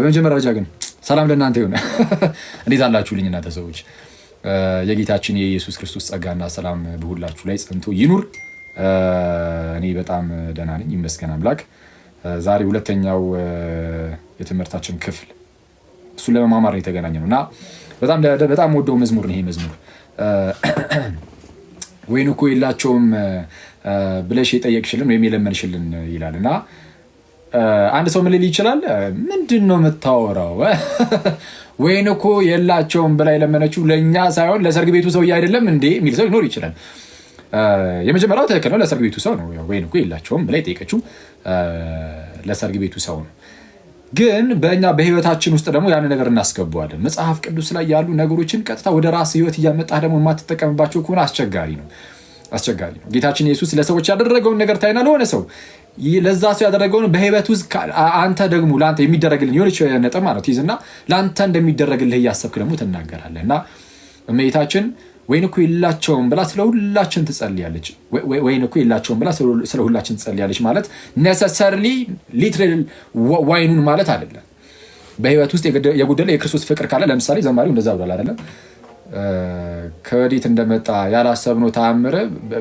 በመጀመሪያ ደረጃ ግን ሰላም ለእናንተ ይሁን። እንዴት አላችሁልኝ እናንተ ሰዎች? የጌታችን የኢየሱስ ክርስቶስ ጸጋና ሰላም በሁላችሁ ላይ ጸንቶ ይኑር። እኔ በጣም ደህና ነኝ፣ ይመስገን አምላክ። ዛሬ ሁለተኛው የትምህርታችን ክፍል እሱን ለመማማር ነው የተገናኘ ነው እና በጣም ወደው መዝሙር ነው ይሄ መዝሙር። ወይን እኮ የላቸውም ብለሽ የጠየቅሽልን ወይም የለመንሽልን ይላል እና አንድ ሰው ምን ሊል ይችላል? ምንድን ነው የምታወራው? ወይን እኮ የላቸውም ብላ የለመነችው ለእኛ ሳይሆን ለሰርግ ቤቱ ሰውዬ አይደለም እንዴ የሚል ሰው ሊኖር ይችላል። የመጀመሪያው ትክክል ነው። ለሰርግ ቤቱ ሰው ነው። ወይን እኮ የላቸውም ብላ የጠየቀችው ለሰርግ ቤቱ ሰው ነው። ግን በእኛ በህይወታችን ውስጥ ደግሞ ያን ነገር እናስገባዋለን። መጽሐፍ ቅዱስ ላይ ያሉ ነገሮችን ቀጥታ ወደ ራስ ህይወት እያመጣህ ደግሞ የማትጠቀምባቸው ከሆነ አስቸጋሪ ነው አስቸጋሪ ነው። ጌታችን ኢየሱስ ለሰዎች ያደረገውን ነገር ታይና ለሆነ ሰው ለዛ ሰው ያደረገውን በህይወት ውስጥ አንተ ደግሞ ለአንተ የሚደረግልን የሆነች ነጥብ ማለት ይዝና ለአንተ እንደሚደረግልህ እያሰብክ ደግሞ ትናገራለህ እና እመቤታችን ወይን እኮ የላቸውም ብላ ስለ ሁላችን ትጸልያለች። ወይን እኮ የላቸውም ብላ ስለ ሁላችን ትጸልያለች ማለት ነሰሰርሊ ሊትሬል ዋይኑን ማለት አይደለም። በህይወት ውስጥ የጎደለ የክርስቶስ ፍቅር ካለ ለምሳሌ ዘማሪው እንደዛ ብሏል አይደለም ከወዴት እንደመጣ ያላሰብነው ተአምር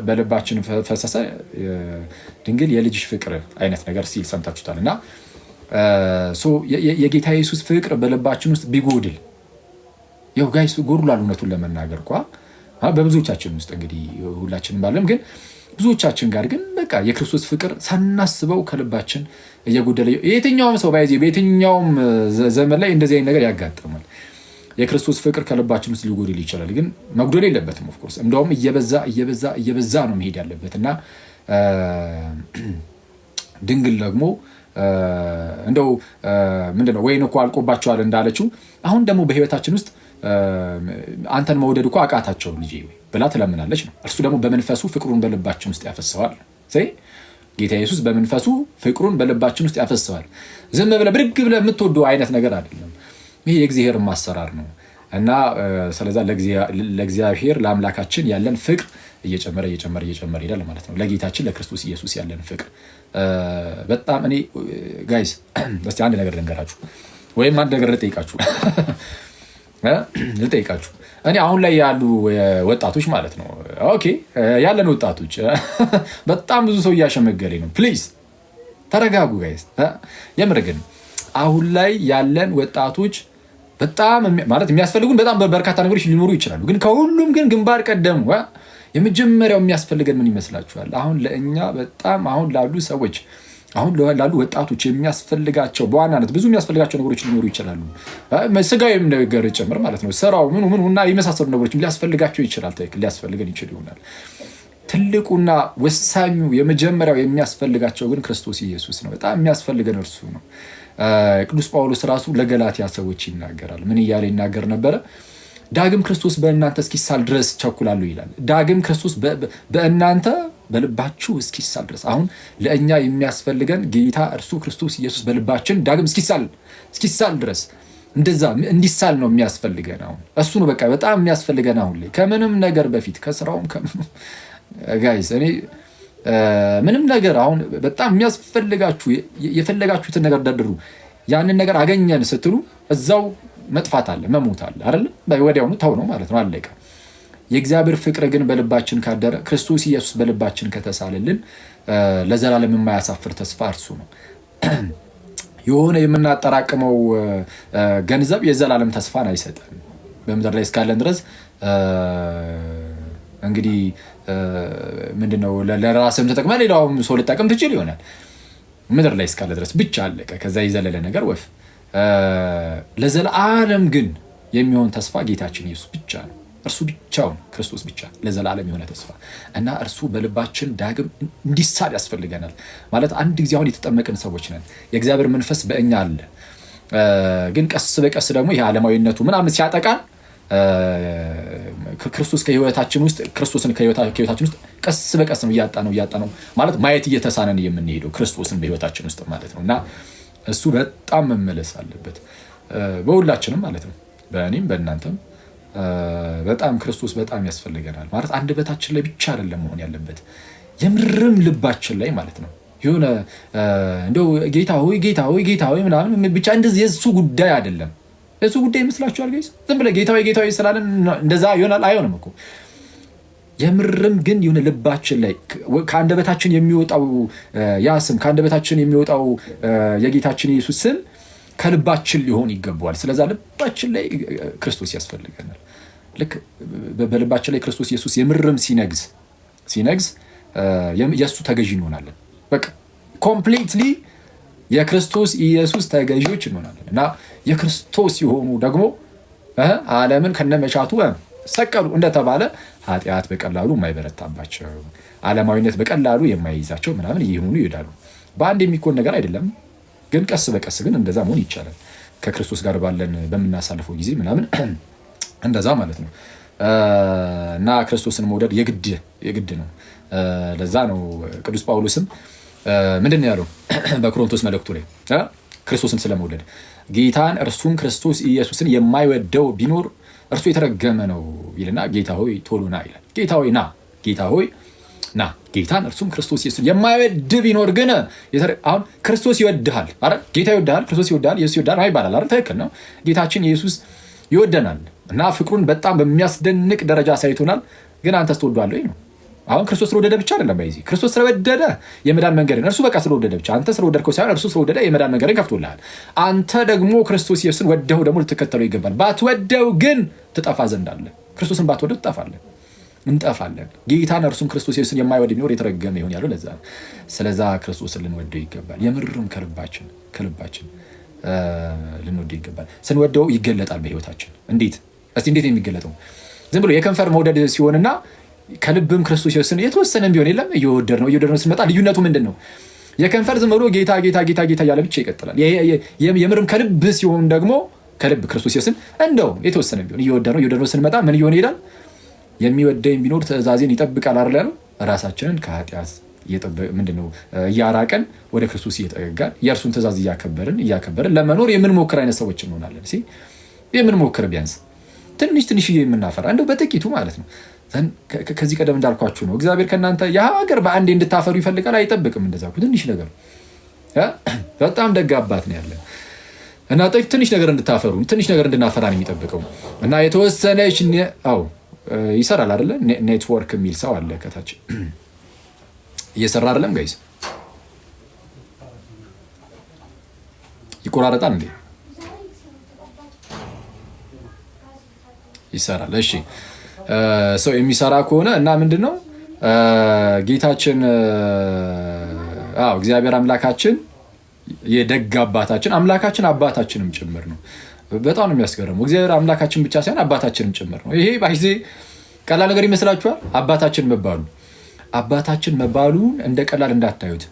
በልባችን ፈሰሰ፣ ድንግል የልጅሽ ፍቅር አይነት ነገር ሲል ሰምታችሁታል። እና የጌታ ኢየሱስ ፍቅር በልባችን ውስጥ ቢጎድል ያው ጋይስ ጎድሏል። እውነቱን ለመናገር እኳ በብዙዎቻችን ውስጥ እንግዲህ ሁላችንም ባለም፣ ግን ብዙዎቻችን ጋር ግን በቃ የክርስቶስ ፍቅር ሳናስበው ከልባችን እየጎደለ የትኛውም ሰው ባይዜ በየትኛውም ዘመን ላይ እንደዚህ አይነት ነገር ያጋጥማል። የክርስቶስ ፍቅር ከልባችን ውስጥ ሊጎድል ይችላል፣ ግን መጉደል የለበትም። ኦፍኮርስ እንደውም እየበዛ እየበዛ እየበዛ ነው መሄድ ያለበት እና ድንግል ደግሞ እንደው ምንድነው ወይን እኮ አልቆባቸዋል እንዳለችው አሁን ደግሞ በህይወታችን ውስጥ አንተን መውደድ እኮ አቃታቸው ልጄ ብላ ትለምናለች ነው። እርሱ ደግሞ በመንፈሱ ፍቅሩን በልባችን ውስጥ ያፈሰዋል። ጌታ ኢየሱስ በመንፈሱ ፍቅሩን በልባችን ውስጥ ያፈሰዋል። ዝም ብለህ ብድግ ብለህ የምትወደው አይነት ነገር አይደለም። ይሄ የእግዚአብሔር ማሰራር ነው እና ስለዛ ለእግዚአብሔር ለአምላካችን ያለን ፍቅር እየጨመረ እየጨመረ እየጨመረ ይሄዳል ማለት ነው። ለጌታችን ለክርስቶስ ኢየሱስ ያለን ፍቅር በጣም እኔ ጋይስ እስቲ አንድ ነገር ልንገራችሁ ወይም አንድ ነገር ልጠይቃችሁ ልጠይቃችሁ እኔ አሁን ላይ ያሉ ወጣቶች ማለት ነው። ኦኬ ያለን ወጣቶች በጣም ብዙ ሰው እያሸመገለኝ ነው። ፕሊዝ ተረጋጉ ጋይስ የምር ግን አሁን ላይ ያለን ወጣቶች በጣም ማለት የሚያስፈልጉን በጣም በርካታ ነገሮች ሊኖሩ ይችላሉ። ግን ከሁሉም ግን ግንባር ቀደም የመጀመሪያው የሚያስፈልገን ምን ይመስላችኋል? አሁን ለእኛ በጣም አሁን ላሉ ሰዎች አሁን ላሉ ወጣቶች የሚያስፈልጋቸው በዋናነት ብዙ የሚያስፈልጋቸው ነገሮች ሊኖሩ ይችላሉ። ስጋዊም ነገር ጭምር ማለት ነው። ስራው ምኑ ምኑና የመሳሰሉ ነገሮች ሊያስፈልጋቸው ይችላል። ትክክል ሊያስፈልገን ይችል ይሆናል። ትልቁና ወሳኙ የመጀመሪያው የሚያስፈልጋቸው ግን ክርስቶስ ኢየሱስ ነው። በጣም የሚያስፈልገን እርሱ ነው። ቅዱስ ጳውሎስ ራሱ ለገላትያ ሰዎች ይናገራል። ምን እያለ ይናገር ነበረ? ዳግም ክርስቶስ በእናንተ እስኪሳል ድረስ ቸኩላሉ ይላል። ዳግም ክርስቶስ በእናንተ በልባችሁ እስኪሳል ድረስ። አሁን ለእኛ የሚያስፈልገን ጌታ እርሱ ክርስቶስ ኢየሱስ በልባችን ዳግም እስኪሳል እስኪሳል ድረስ እንደዛ እንዲሳል ነው የሚያስፈልገን። አሁን እሱ ነው በቃ በጣም የሚያስፈልገን አሁን ላይ ከምንም ነገር በፊት ከስራውም ከምኑ ጋይስ uh, እኔ uh, ምንም ነገር አሁን በጣም የሚያስፈልጋችሁ የፈለጋችሁትን ነገር ደርድሩ። ያንን ነገር አገኘን ስትሉ እዛው መጥፋት አለ መሞት አለ አይደለም። ወዲያውኑ ተው ነው ማለት ነው፣ አለቀ። የእግዚአብሔር ፍቅር ግን በልባችን ካደረ ክርስቶስ ኢየሱስ በልባችን ከተሳለልን uh, ለዘላለም የማያሳፍር ተስፋ እርሱ ነው። የሆነ የምናጠራቅመው ገንዘብ የዘላለም ተስፋን አይሰጠን። በምድር ላይ እስካለን ድረስ እንግዲህ ምንድነው ለራስም ተጠቅመ ሌላውም ሰው ልጠቀም ትችል ይሆናል። ምድር ላይ እስካለ ድረስ ብቻ አለቀ። ከዛ የዘለለ ነገር ወፍ ለዘላለም ግን የሚሆን ተስፋ ጌታችን ኢየሱስ ብቻ ነው። እርሱ ብቻውን ክርስቶስ ብቻ ለዘላለም የሆነ ተስፋ እና እርሱ በልባችን ዳግም እንዲሳል ያስፈልገናል። ማለት አንድ ጊዜ አሁን የተጠመቅን ሰዎች ነን። የእግዚአብሔር መንፈስ በእኛ አለ። ግን ቀስ በቀስ ደግሞ ይህ ዓለማዊነቱ ምናምን ሲያጠቃን ክርስቶስ ከህይወታችን ውስጥ ክርስቶስን ከህይወታችን ውስጥ ቀስ በቀስ ነው እያጣ ነው እያጣ ነው ማለት ማየት እየተሳነን የምንሄደው ክርስቶስን በህይወታችን ውስጥ ማለት ነው እና እሱ በጣም መመለስ አለበት በሁላችንም ማለት ነው በእኔም በእናንተም በጣም ክርስቶስ በጣም ያስፈልገናል ማለት አንደበታችን ላይ ብቻ አይደለም መሆን ያለበት የምርም ልባችን ላይ ማለት ነው የሆነ እንደው ጌታ ሆይ ጌታ ሆይ ጌታ ሆይ ምናምን ብቻ እንደዚህ የእሱ ጉዳይ አይደለም እሱ ጉዳይ ይመስላችኋል? ጋይስ ዝም ብለህ ጌታዊ ጌታዊ ስላለን እንደዛ ይሆናል? አይሆንም እኮ የምርም ግን የሆነ ልባችን ላይ ከአንደበታችን የሚወጣው ያ ስም ከአንደበታችን የሚወጣው የጌታችን ኢየሱስ ስም ከልባችን ሊሆን ይገባዋል። ስለዛ ልባችን ላይ ክርስቶስ ያስፈልገናል። ልክ በልባችን ላይ ክርስቶስ ኢየሱስ የምርም ሲነግዝ ሲነግዝ የእሱ ተገዥ እንሆናለን። በቃ ኮምፕሊትሊ የክርስቶስ ኢየሱስ ተገዢዎች እንሆናለን እና የክርስቶስ ሲሆኑ ደግሞ ዓለምን ከነመሻቱ ሰቀሉ እንደተባለ ኃጢአት በቀላሉ የማይበረታባቸው ዓለማዊነት በቀላሉ የማይይዛቸው ምናምን ይሆኑ ይሄዳሉ። በአንድ የሚኮን ነገር አይደለም፣ ግን ቀስ በቀስ ግን እንደዛ መሆን ይቻላል። ከክርስቶስ ጋር ባለን በምናሳልፈው ጊዜ ምናምን እንደዛ ማለት ነው እና ክርስቶስን መውደድ የግድ የግድ ነው። ለዛ ነው ቅዱስ ጳውሎስም ምንድን ያለው በቆሮንቶስ መልእክቱ ላይ ክርስቶስን ስለመውደድ ጌታን እርሱን ክርስቶስ ኢየሱስን የማይወደው ቢኖር እርሱ የተረገመ ነው ይልና ጌታ ሆይ ቶሎ ና ይላል። ጌታ ሆይ ና፣ ጌታ ሆይ ና። ጌታን እርሱም ክርስቶስ ኢየሱስን የማይወድ ቢኖር ግን አሁን ክርስቶስ ይወድሃል አ ጌታ ይወድሃል፣ ክርስቶስ ይወድሃል፣ ኢየሱስ ይወድሃል ይባላል አ ትክክል ነው። ጌታችን ኢየሱስ ይወደናል እና ፍቅሩን በጣም በሚያስደንቅ ደረጃ አሳይቶናል። ግን አንተስ ትወዷለህ ነው አሁን ክርስቶስ ስለወደደ ብቻ አይደለም። በዚህ ክርስቶስ ስለወደደ የመዳን መንገድን እርሱ በቃ ስለወደደ ብቻ አንተ ስለወደድከው ሳይሆን እርሱ ስለወደደ የመዳን መንገድን ከፍቶልሃል። አንተ ደግሞ ክርስቶስ ኢየሱስን ወደው ደግሞ ልትከተለው ይገባል። ባትወደው ግን ትጠፋ ዘንድ አለ። ክርስቶስን ባትወደው ትጠፋለን፣ እንጠፋለን። ጌታን እርሱም ክርስቶስ ኢየሱስን የማይወድ የሚኖር የተረገመ ይሆን ያለው ለዛ ስለዛ ክርስቶስን ልንወደው ይገባል። የምርም ከልባችን ከልባችን ልንወደው ይገባል። ስንወደው ይገለጣል በህይወታችን። እንዴት እስቲ እንዴት የሚገለጠው ዝም ብሎ የከንፈር መውደድ ሲሆንና ከልብም ክርስቶስ የወሰነ የተወሰነም ቢሆን የለም እየወደድ ነው እየወደድ ነው ስንመጣ ልዩነቱ ምንድን ነው? የከንፈር ዝም ብሎ ጌታ ጌታ ጌታ ጌታ እያለ ብቻ ይቀጥላል። የምርም ከልብ ሲሆን ደግሞ ከልብ ክርስቶስ የወስን እንደው የተወሰነ ቢሆን እየወደድ ነው እየወደድ ነው ስንመጣ ምን እየሆነ ይሄዳል? የሚወደኝ ቢኖር ትእዛዜን ይጠብቃል አለ ነው። ራሳችንን ከኃጢአት ምንድነው እያራቀን ወደ ክርስቶስ እየጠጋን የእርሱን ትእዛዝ እያከበርን እያከበርን ለመኖር የምንሞክር አይነት ሰዎች እንሆናለን። የምንሞክር ቢያንስ ትንሽ ትንሽ የምናፈራ እንደው በጥቂቱ ማለት ነው ከዚህ ቀደም እንዳልኳችሁ ነው። እግዚአብሔር ከእናንተ የሀገር በአንዴ እንድታፈሩ ይፈልጋል አይጠብቅም። እንደዛ ትንሽ ነገር በጣም ደግ አባት ነው ያለ እና ትንሽ ነገር እንድታፈሩ ትንሽ ነገር እንድናፈራን የሚጠብቀው እና የተወሰነች ው ይሰራል አይደለ? ኔትወርክ የሚል ሰው አለ ከታች እየሰራ አይደለም ጋይዝ ይቆራረጣል እንዴ? ይሰራል። እሺ ሰው የሚሰራ ከሆነ እና ምንድን ነው ጌታችን እግዚአብሔር አምላካችን የደግ አባታችን አምላካችን አባታችንም ጭምር ነው። በጣም ነው የሚያስገርመው። እግዚአብሔር አምላካችን ብቻ ሳይሆን አባታችንም ጭምር ነው። ይሄ ባይዜ ቀላል ነገር ይመስላችኋል? አባታችን መባሉ አባታችን መባሉን እንደ ቀላል እንዳታዩት።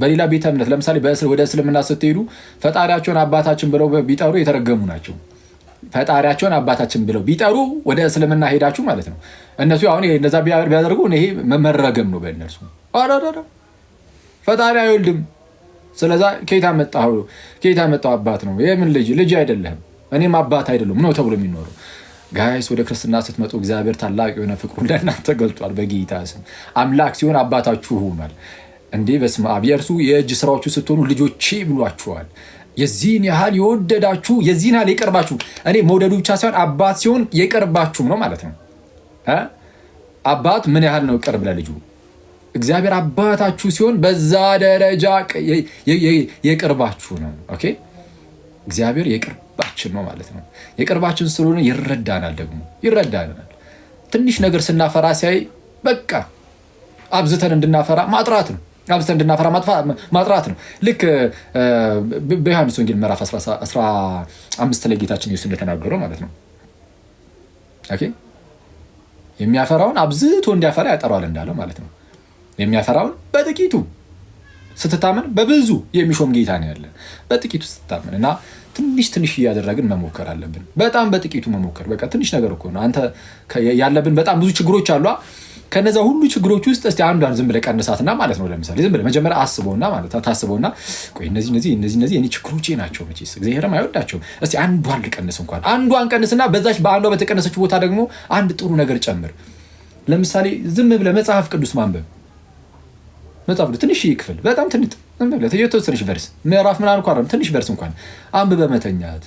በሌላ ቤተ እምነት ለምሳሌ ወደ እስልምና ስትሄዱ ፈጣሪያቸውን አባታችን ብለው ቢጠሩ የተረገሙ ናቸው። ፈጣሪያቸውን አባታችን ብለው ቢጠሩ ወደ እስልምና ሄዳችሁ ማለት ነው። እነሱ አሁን እንደዛ ቢያደርጉ ይሄ መረገም ነው በእነርሱ። ፈጣሪ አይወልድም። ስለዛ ኬታ መጣሁ ኬታ መጣሁ አባት ነው። የምን ልጅ ልጅ አይደለህም እኔም አባት አይደለም ነው ተብሎ የሚኖሩ ጋይስ። ወደ ክርስትና ስትመጡ እግዚአብሔር ታላቅ የሆነ ፍቅሩ ለእናንተ ገልጧል። በጌታ ስም አምላክ ሲሆን አባታችሁ ሆኗል። እንዴ በስመ አብ! የእርሱ የእጅ ስራዎቹ ስትሆኑ ልጆቼ ብሏችኋል። የዚህን ያህል የወደዳችሁ የዚህን ያህል የቀርባችሁ። እኔ መውደዱ ብቻ ሳይሆን አባት ሲሆን የቀርባችሁም ነው ማለት ነው። አባት ምን ያህል ነው ቅርብ ለልጁ? እግዚአብሔር አባታችሁ ሲሆን በዛ ደረጃ የቅርባችሁ ነው። ኦኬ እግዚአብሔር የቅርባችን ነው ማለት ነው። የቅርባችን ስለሆነ ይረዳናል፣ ደግሞ ይረዳናል። ትንሽ ነገር ስናፈራ ሲያይ በቃ አብዝተን እንድናፈራ ማጥራት ነው። አብዝተን እንድናፈራ ማጥራት ነው። ልክ በዮሐንስ ወንጌል ምዕራፍ 15 ላይ ጌታችን ኢየሱስ እንደተናገረው ማለት ነው የሚያፈራውን አብዝቶ እንዲያፈራ ያጠራዋል እንዳለው ማለት ነው። የሚያፈራውን በጥቂቱ ስትታመን በብዙ የሚሾም ጌታ ነው ያለ። በጥቂቱ ስትታመን እና ትንሽ ትንሽ እያደረግን መሞከር አለብን። በጣም በጥቂቱ መሞከር በቃ ትንሽ ነገር እኮ ነው። አንተ ያለብን በጣም ብዙ ችግሮች አሏ ከነዛ ሁሉ ችግሮች ውስጥ እስኪ አንዷን ዝም ብለህ ቀንሳትና ማለት ነው። ለምሳሌ ዝም ብለህ መጀመሪያ አስበውና ማለት ታስበውና ቆይ እነዚህ እነዚህ እነዚህ እነዚህ እኔ ችግሮቼ ናቸው፣ መቼስ እግዚአብሔርም አይወዳቸውም። እስኪ አንዷን ልቀንስ እንኳን አንዷን ቀንስና በዛች በአንዷ በተቀነሰች ቦታ ደግሞ አንድ ጥሩ ነገር ጨምር። ለምሳሌ ዝም ብለህ መጽሐፍ ቅዱስ ማንበብ መጽሐፍ ቅዱስ ትንሽ ክፍል በጣም ትንሽ የተወሰነች ቨርስ ምዕራፍ ምናምን እንኳን ትንሽ ቨርስ እንኳን አንብበህ መተኛት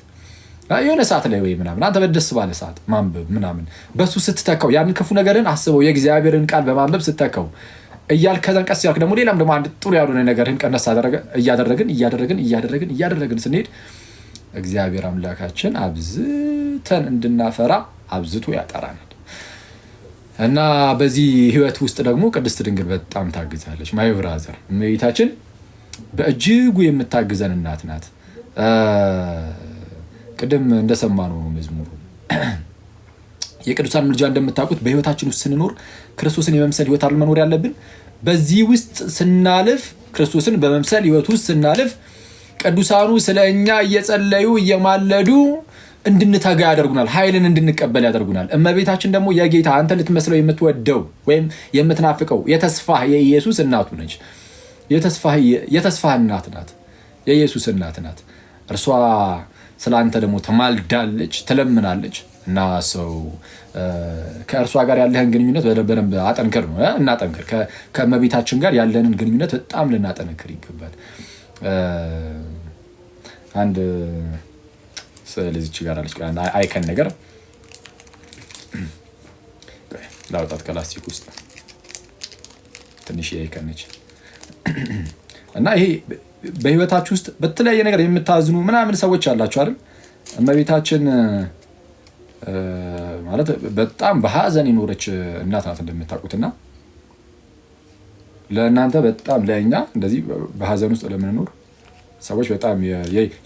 የሆነ ሰዓት ላይ ወይ ምናምን አንተ በደስ ባለ ሰዓት ማንበብ ምናምን በሱ ስትተካው ያንን ክፉ ነገርን አስበው የእግዚአብሔርን ቃል በማንበብ ስተካው እያል ከዛን ቀስ ያልክ ደግሞ ሌላም ደግሞ አንድ ጥሩ ያልሆነ ነገርህን ቀነስ እያደረግን እያደረግን እያደረግን እያደረግን ስንሄድ እግዚአብሔር አምላካችን አብዝተን እንድናፈራ አብዝቶ ያጠራናል እና በዚህ ህይወት ውስጥ ደግሞ ቅድስት ድንግል በጣም ታግዛለች። ማይ ብራዘር እመቤታችን በእጅጉ የምታግዘን እናት ናት። ቅድም እንደሰማ ነው መዝሙሩ የቅዱሳን ምልጃ እንደምታውቁት በህይወታችን ውስጥ ስንኖር ክርስቶስን የመምሰል ህይወት አለ መኖር ያለብን። በዚህ ውስጥ ስናልፍ ክርስቶስን በመምሰል ህይወት ውስጥ ስናልፍ ቅዱሳኑ ስለ እኛ እየጸለዩ እየማለዱ እንድንተጋ ያደርጉናል። ኃይልን እንድንቀበል ያደርጉናል። እመቤታችን ደግሞ የጌታ አንተ ልትመስለው የምትወደው ወይም የምትናፍቀው የተስፋ የኢየሱስ እናቱ ነች። የተስፋህ እናት ናት። የኢየሱስ እናት ናት እርሷ ስለ አንተ ደግሞ ተማልዳለች፣ ትለምናለች እና ሰው ከእርሷ ጋር ያለህን ግንኙነት በደንብ አጠንክር ነው እናጠንክር። ከእመቤታችን ጋር ያለንን ግንኙነት በጣም ልናጠንክር ይገባል። አንድ ስለዚች ጋር አለች አይከን ነገር ላውጣት ከላስቲክ ውስጥ ትንሽ አይከን ነች እና ይሄ በህይወታችሁ ውስጥ በተለያየ ነገር የምታዝኑ ምናምን ሰዎች አላችሁ አይደል? እመቤታችን ማለት በጣም በሀዘን የኖረች እናት ናት እንደምታውቁትና ለእናንተ በጣም ለእኛ እንደዚህ በሀዘን ውስጥ ለምንኖር ሰዎች በጣም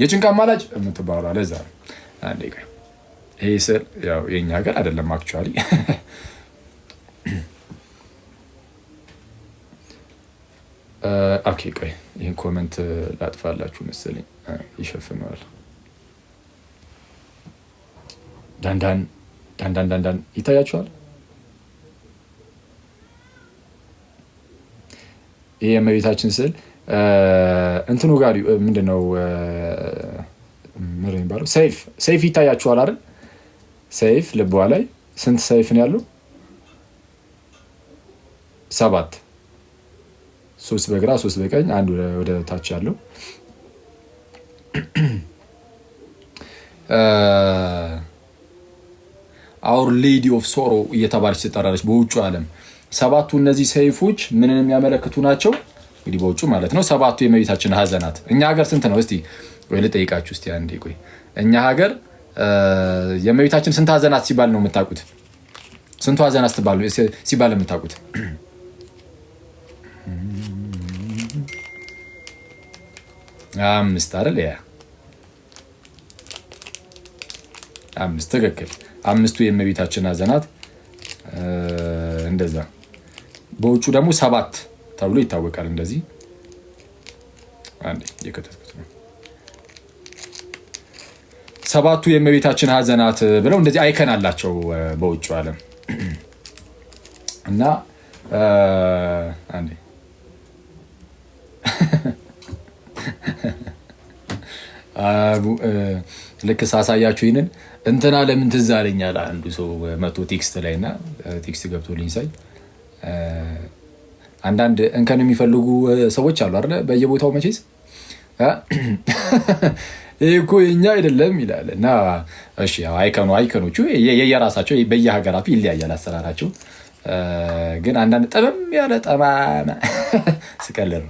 የጭንቅ አማላጭ የምትባሉ ለዛ ነው። ስል የእኛ ሀገር አይደለም አክቹዋሊ ኦኬ ቆይ ይህን ኮመንት ላጥፋላችሁ መሰለኝ ይሸፍነዋል። ዳንዳን ዳንዳን ዳንዳን ይታያችኋል። ይህ የመቤታችን ስዕል እንትኑ ጋር ምንድን ነው ምር የሚባለው ሰይፍ ሰይፍ ይታያችኋል አይደል? ሰይፍ ልቧ ላይ ስንት ሰይፍ ነው ያለው? ሰባት ሶስት በግራ ሶስት በቀኝ አንድ ወደ ታች ያለው አውር ሌዲ ኦፍ ሶሮ እየተባለች ትጠራለች በውጩ ዓለም። ሰባቱ እነዚህ ሰይፎች ምንን የሚያመለክቱ ናቸው? እንግዲህ በውጩ ማለት ነው። ሰባቱ የመቤታችን ሀዘናት እኛ ሀገር ስንት ነው? እስቲ ወይ ልጠይቃችሁ እስቲ አንዴ ቆይ። እኛ ሀገር የመቤታችን ስንት ሀዘናት ሲባል ነው የምታውቁት? ስንቱ ሀዘናት ሲባል ነው የምታውቁት? አምስት አይደል? ያ አምስት ትክክል። አምስቱ የእመቤታችን አዘናት እንደዛ። በውጩ ደግሞ ሰባት ተብሎ ይታወቃል። እንደዚህ የከተትኩት ነው። ሰባቱ የእመቤታችን ሀዘናት ብለው እንደዚህ አይከን አላቸው በውጭ ዓለም እና eh, ልክ ሳሳያችሁ ይህንን እንትና ለምን ትዝ አንዱ ሰው መቶ ቴክስት ላይ እና ቴክስት ገብቶ ሳይ አንዳንድ እንከን የሚፈልጉ ሰዎች አሉ አለ በየቦታው መቼስ ይህ እኮ የኛ አይደለም ይላል እና እሺ አይከኖቹ የየራሳቸው በየሀገራቱ ይለያያል አሰራራቸው ግን አንዳንድ ጠመም ያለ ጠማመ ስቀልር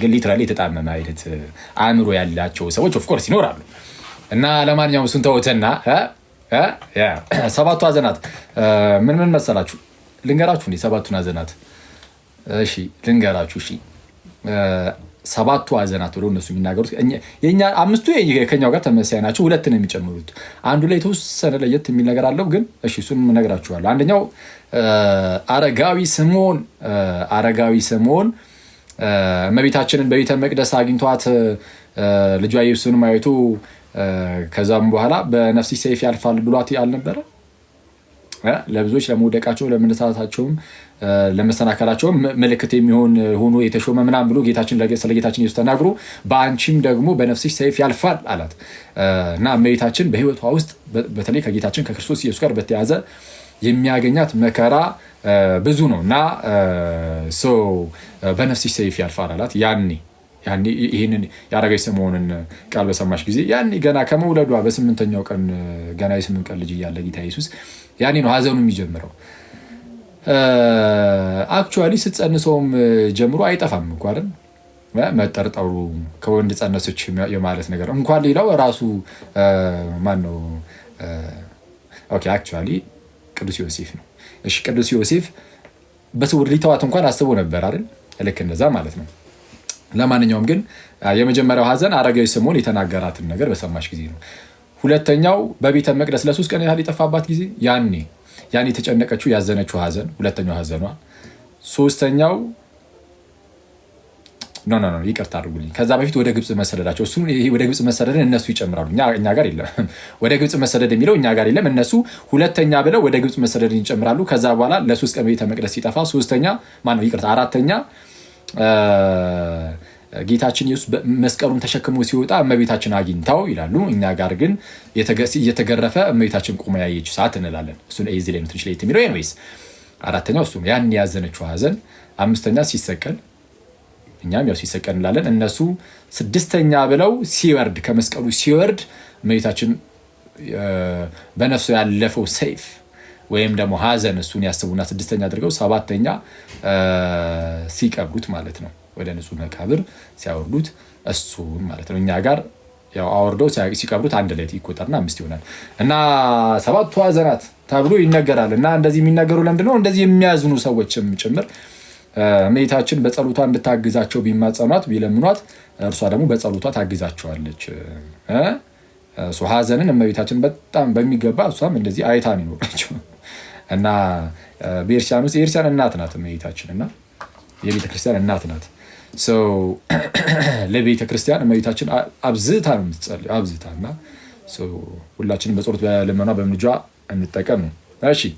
ግን ሊትራሊ የተጣመመ አይነት አእምሮ ያላቸው ሰዎች ኦፍኮርስ ይኖራሉ። እና ለማንኛውም እሱን ተውትና ሰባቱ አዘናት ምን ምን መሰላችሁ? ልንገራችሁ እንዴ ሰባቱን አዘናት እሺ፣ ልንገራችሁ እሺ ሰባቱ አዘናት ብለው እነሱ የሚናገሩት አምስቱ ከኛው ጋር ተመሳሳይ ናቸው። ሁለት ነው የሚጨምሩት። አንዱ ላይ የተወሰነ ለየት የሚል ነገር አለው፣ ግን እሺ እሱን እነግራችኋለሁ። አንደኛው አረጋዊ ስምዖን አረጋዊ ስምዖን እመቤታችንን በቤተ መቅደስ አግኝቷት ልጇ ኢየሱስን ማየቱ ከዛም በኋላ በነፍሲ ሰይፍ ያልፋል ብሏት አልነበረ ለብዙዎች ለመውደቃቸው ለመነሳታቸውም ለመሰናከላቸውም ምልክት የሚሆን ሆኖ የተሾመ ምናምን ብሎ ጌታችን ስለ ጌታችን ኢየሱስ ተናግሮ በአንቺም ደግሞ በነፍስሽ ሰይፍ ያልፋል አላት እና እመቤታችን በሕይወቷ ውስጥ በተለይ ከጌታችን ከክርስቶስ ኢየሱስ ጋር በተያዘ የሚያገኛት መከራ ብዙ ነው እና በነፍስሽ ሰይፍ ያልፋል አላት ያኔ ይህንን ያደረገች ስምዖንን ቃል በሰማች ጊዜ ያኔ ገና ከመውለዷ በስምንተኛው ቀን ገና የስምንት ቀን ልጅ እያለ ጌታ ኢየሱስ ያኔ ነው ሀዘኑ የሚጀምረው። አክቹዋሊ ስትጸንሰውም ጀምሮ አይጠፋም እንኳን መጠርጠሩ ከወንድ ጸነሶች የማለት ነገር እንኳን ሌላው ራሱ ማን ነው? ኦኬ አክቹዋሊ ቅዱስ ዮሴፍ ነው። እሺ ቅዱስ ዮሴፍ በስውር ሊተዋት እንኳን አስቦ ነበር አይደል? ልክ እንደዛ ማለት ነው። ለማንኛውም ግን የመጀመሪያው ሀዘን አረጋዊ ስምዖን የተናገራትን ነገር በሰማሽ ጊዜ ነው። ሁለተኛው በቤተ መቅደስ ለሶስት ቀን ያህል የጠፋባት ጊዜ ያኔ ያኔ የተጨነቀችው ያዘነችው ሀዘን ሁለተኛው ሀዘኗ። ሶስተኛው ኖ ኖ ይቅርታ አድርጉልኝ፣ ከዛ በፊት ወደ ግብፅ መሰደዳቸው። እሱ ወደ ግብፅ መሰደድን እነሱ ይጨምራሉ፣ እኛ ጋር የለም። ወደ ግብፅ መሰደድ የሚለው እኛ ጋር የለም። እነሱ ሁለተኛ ብለው ወደ ግብፅ መሰደድን ይጨምራሉ። ከዛ በኋላ ለሶስት ቀን ቤተ መቅደስ ሲጠፋ ሶስተኛ ማነው ይቅርታ አራተኛ ጌታችን ኢየሱስ መስቀሉን ተሸክሞ ሲወጣ እመቤታችን አግኝታው ይላሉ። እኛ ጋር ግን እየተገረፈ እመቤታችን ቁመ ያየች ሰዓት እንላለን። እሱን ዚ ላይ ትንሽ ለየት የሚለው ኤንዌይስ አራተኛው እሱ ያን ያዘነችው ሐዘን። አምስተኛ ሲሰቀል እኛም ያው ሲሰቀል እንላለን። እነሱ ስድስተኛ ብለው ሲወርድ ከመስቀሉ ሲወርድ እመቤታችን በነፍሱ ያለፈው ሰይፍ ወይም ደግሞ ሀዘን እሱን ያስቡና ስድስተኛ አድርገው ሰባተኛ ሲቀብሩት ማለት ነው ወደ ንጹህ መቃብር ሲያወርዱት እሱን ማለት ነው። እኛ ጋር ያው አወርደው ሲቀብሩት አንድ ላይ ይቆጠርና አምስት ይሆናል እና ሰባቱ ሀዘናት ተብሎ ይነገራል። እና እንደዚህ የሚናገሩ ለምንድነው እንደዚህ የሚያዝኑ ሰዎችም ጭምር እመቤታችን በጸሎቷ እንድታግዛቸው ቢማጸኗት ቢለምኗት እርሷ ደግሞ በጸሎቷ ታግዛቸዋለች። እሱ ሀዘንን እመቤታችን በጣም በሚገባ እሷም እንደዚህ አይታ ነው ይኖራቸው እና ቤተክርስቲያን ውስጥ የቤተክርስቲያን እናት ናት እመቤታችን እና የቤተክርስቲያን እናት ናት። ለቤተክርስቲያን እመቤታችን አብዝታ ነው የምትጸልዩ አብዝታ እና ሁላችንም በጸሎት በልመኗ በምልጃ እንጠቀም ነው። እሺ